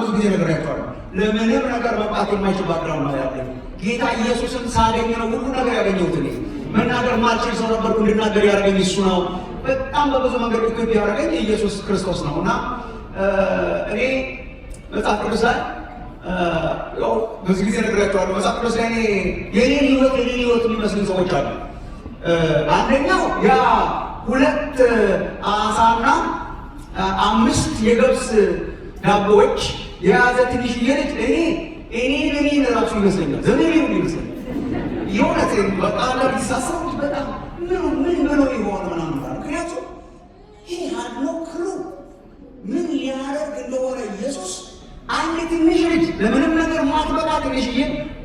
ብዙ ጊዜ ነግሬያቸዋለሁ። ለምንም ነገር መብቃት የማይችል ባግራውንድ ነው ያለኝ። ጌታ ኢየሱስን ሳገኝ ነው ሁሉ ነገር ያገኘሁት። እኔ መናገር ማልችል ሰው ነበርኩ፣ እንድናገር ያደረገኝ እሱ ነው። በጣም በብዙ መንገድ ኢትዮጵ ያደረገኝ ኢየሱስ ክርስቶስ ነው እና እኔ መጽሐፍ ቅዱስ ላይ ብዙ ጊዜ ነግሬያቸዋለሁ። መጽሐፍ ቅዱስ ላይ የኔን ህይወት የኔን ህይወት የሚመስሉኝ ሰዎች አሉ። አንደኛው ያ ሁለት አሳና አምስት የገብስ ዳቦዎች የያዘ ትንሽ ልጅ እኔ እኔ ለኔ ለራሱ ይመስለኛል ዘኔ ሁሉ ይመስለኛል። የሆነ ሴ በጣም ሊሳሰቡ በጣም ምን ምን ብሎ የሆነ ምናምን ምክንያቱም ይህ ያለው ክሩ ምን ሊያደርግ እንደሆነ ኢየሱስ አንድ ትንሽ ልጅ ለምንም ነገር ማትበቃ ትንሽ ይ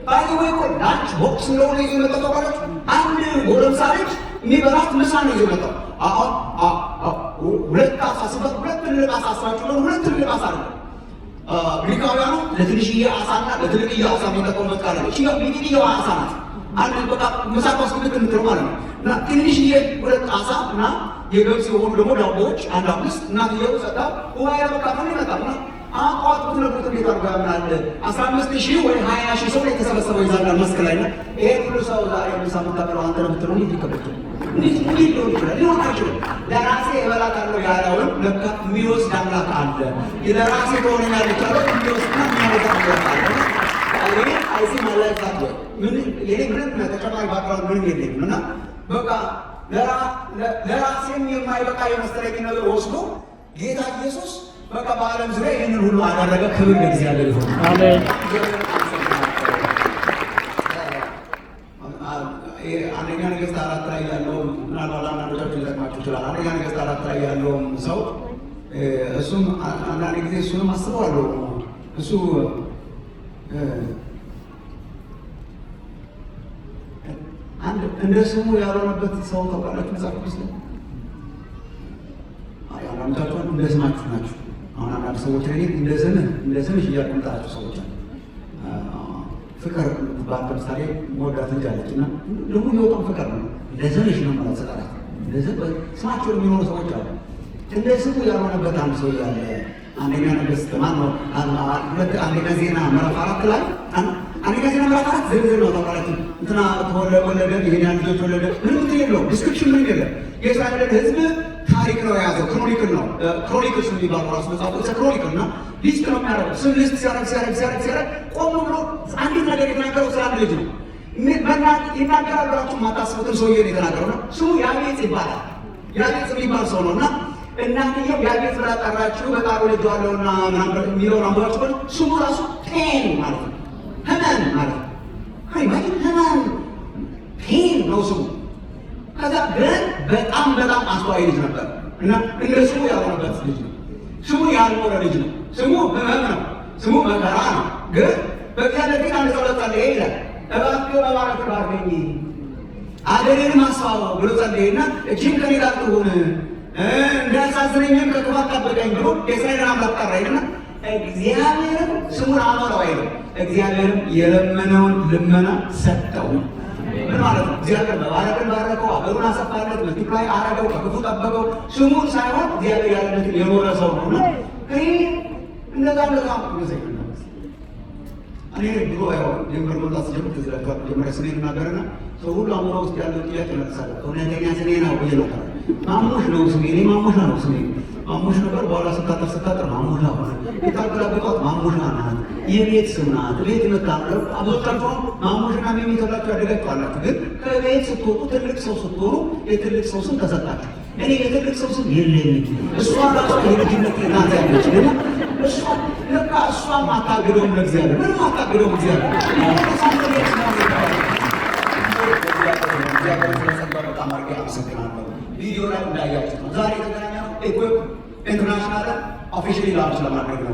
ባይ ወይ እኮ ላንች ቦክስ እንደሆነ ይዞ መጠጠቃለች። አንድ ጎረምሳ ልጅ የሚበላት ምሳ ነው ይዞ መጠው አሁን ሁለት አሳ ሲፈት ሁለት ትልቅ አሳ አስባችሁ ነው። ሁለት ትልቅ አሳ ነው። ግሪካውያኑ ለትንሽዬ አሳና ለትልቅዬ አሳ የሚጠቀሙበት ቃል ነው። ሽያ ሚኒትየው አሳ ናት። አንድ በቃ ምሳቅ ውስጥ የምትለው ማለት ነው። እና ትንሽዬ ሁለት አሳ እና የገብስ የሆኑ ደግሞ ዳቦዎች አንድ አምስት እናትየው ሰጣ ውሃያ በቃ ከምን ይመጣል እና አቋት ብትለቁት እንዴት አርጋ ምናለ አስራ አምስት ሺህ ወይ ሀያ ሺህ ሰው የተሰበሰበው ይዛላል መስክ ላይ ና ይሄ ሁሉ ሰው ዛሬ ምሳ ምታበለው አንተ ነው ምትለው ይህ ይከብዳል እንዴት ሊሆን ይችላል? ሊሆን አይችልም። ለራሴ እበላታለሁ ያለውን ለካ የሚወስድ አምላክ አለ። ለራሴ ከሆነ ያለቻለ የሚወስድና የሚያወጣ አምላክ አለ። እኔ አይሲ መላይፋት ወይ ምን የኔ ምንም ተጨማሪ ባክግራውንድ ምንም የለኝም እና በቃ ለራሴም የማይበቃ የመሰለኝ ነገር ወስዶ ጌታ ኢየሱስ በቃ በዓለም ዙሪያ ይህንን ሁሉ አደረገ። ክብር ለእግዚአብሔር ይሁን። አሜን። አንደኛ ነገስት አራት ላይ ያለውን ምናልባት አንዳንዶቻችሁ ሊጠቅማችሁ ይችላል። አንደኛ ነገስት አራት ላይ ያለውን ሰው እሱም አንዳንድ ጊዜ እሱንም አስበዋለሁ። እሱ እንደ ስሙ ያልሆነበት ሰው ታውቃላችሁ? መጽሐፍ ቅዱስ ላይ አንዳንዶቻችሁ እንደ ስማችሁ ናችሁ። አሁን አንዳንድ ሰዎች እኔ እንደ ስምህ እንደ ስምሽ እያልኩ የምጠራችሁ ሰዎች አሉ ፍቅር ባንክ ለምሳሌ መወዳት እንጃለች እና ደግሞ የወጣው ፍቅር ነው። ለዘብ የሽ ነው ማለት ሰጠራት ለዘብ ስማቸው የሚሆኑ ሰዎች አሉ። እንደ ስሙ ያልሆነበት አንድ ሰው ያለ አንደኛ ነገሥት ማን ነው? አንደኛ ዜና ምዕራፍ አራት ላይ አንደኛ ዜና ምዕራፍ አራት ዝርዝር ነው ተባላት። እንትና ተወለደ ወለደ፣ ይሄን ልጆች ወለደ። ምንም የለው ዲስክሪፕሽን ምን የለም የእስራኤል ህዝብ ክሮኒክል ነው። ክሮኒክል ስ የሚባሉ ራሱ መጽሐፍ ቅዱስ ክሮኒክል ነው። ሊስት ነው የሚያደርገው። ስም ሊስት ሲያደርግ ሲያደርግ ሲያደርግ ሲያደርግ ቆም ብሎ አንዲት ነገር የተናገረው ስለ አንድ ልጅ ነው። ይናገራል ብላችሁ ማታስቡትን ሰውዬ ነው የተናገረው ነው። ስሙ ያቤጽ ይባላል። ያቤጽ የሚባል ሰው ነው እና እናትየው ያቤጽ ብላ ጠራችሁ በቃሉ ልጅ ዋለውና ምናምን የሚለውን አንብባችሁ ሆነ ስሙ ራሱ ፔን ማለት ነው። ህመም ማለት ነው። ይ ህመም ፔን ነው ስሙ። ከዛ ግን በጣም በጣም አስተዋይ ልጅ ነበር። እና እንደ ስሙ ያልሆነበት ልጅ ነው። ስሙ ያልኖረ ልጅ ነው። ስሙ ህመም ነው። ስሙ መከራ ነው። ግን በእግዚአብሔር ፊት አንድ ሰው ጸለየ ይላል። እባክህ በባረክ ባርከኝ አገሬን ማስተዋወቅ ብሎ ጸለየና እጅም ከኔ ጋር ትሁን እንዳያሳዝነኝም ከክፋት ጠብቀኝ ብሎ የእስራኤልን አምላክ ጠራ እግዚአብሔርም ስሙን አኖረው አይልም። እግዚአብሔርም የለመነውን ልመና ሰጠው። ምን ማለት ነው? እግዚአብሔር መባረክን ባረከው፣ አገሩን አሰፋለት፣ መልቲፕላይ አረገው፣ ከክፉ ጠበቀው። ስሙን ሳይሆን እግዚአብሔር ያለነትን የኖረ ሰው ሁሉ ይህ እነዛ እነዛ ጊዜ እኔ ድሮ አይሆን ጀምር መምጣት ስጀምር ተዝረካ ጀመረ ስሜ ናገርና ሰው ሁሉ አእምሮ ውስጥ ያለው ጥያቄ መልሳለ እውነተኛ ስሜ ነው ብዬ ነበር። ማሙሽ ነው ስሜ፣ እኔ ማሙሽ ነው ስሜ ማሙሽ ነበር። በኋላ ስታጠር ስታጠር ማሙሻ ሆነ። የታገላበጧት ማሙሻ ናት። የቤት ስም ናት። ቤት የምታምረው አቦቻቸውን ማሙሽና ሚሚ ተብላችሁ ያደጋችሁ ግን ከቤት ስትወጡ ትልቅ ሰው ስትሆኑ የትልቅ ሰው ስም ተሰጣችሁ። እኔ የትልቅ ሰው ስም የለኝ። እሷ ራሷ የልጅነት ናት ያለች ደግሞ እሷ ለካ እሷም አታግደውም ለእግዚአብሔር ምንም አታግደውም እግዚአብሔር በጣም አድርጌ አመሰግናለሁ። ቪዲዮ ላይ እንዳያችሁ ዛሬ የተገናኘነው international officially launched the market group.